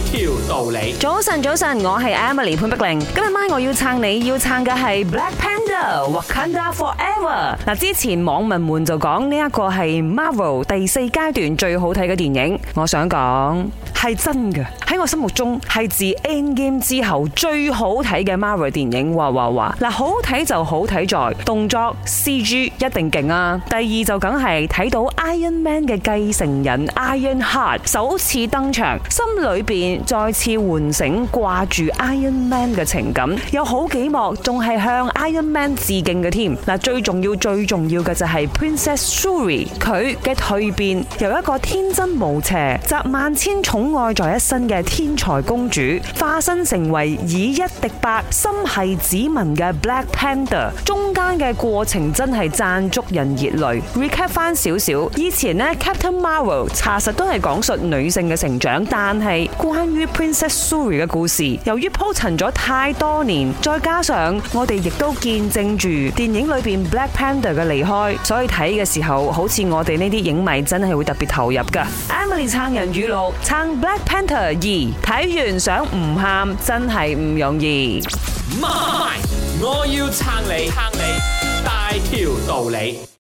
條道理，早晨早晨，我係 Emily 潘碧玲。今日晚我要撐你，要撐嘅係 Black Panther Wakanda Wak Forever。嗱，之前網民們就講呢一個係 Marvel 第四階段最好睇嘅電影。我想講係真嘅，喺我心目中係自 Endgame 之後最好睇嘅 Marvel 電影。哇哇哇嗱，好睇就好睇在動作 CG 一定勁啊。第二就梗係睇到 Iron Man 嘅繼承人 Ironheart 首次登場，心裏邊。再次喚醒掛住 Iron Man 嘅情感，有好幾幕仲係向 Iron Man 致敬嘅添。嗱，最重要、最重要嘅就係 Princess Shuri，佢嘅蛻變由一個天真無邪、集萬千寵愛在一身嘅天才公主，化身成為以一敵百、心繫子民嘅 Black Panther。中間嘅過程真係讚足人熱淚。Recap 翻少少，以前呢，Captain Marvel 查實都係講述女性嘅成長，但係。關於 Princess Suri 嘅故事，由於鋪陳咗太多年，再加上我哋亦都見證住電影裏邊 Black Panther 嘅離開，所以睇嘅時候好似我哋呢啲影迷真係會特別投入噶。Emily 撐人語錄，撐 Black Panther 二，睇完想唔喊真係唔容易。媽咪，我要撐你，撐你大條道理。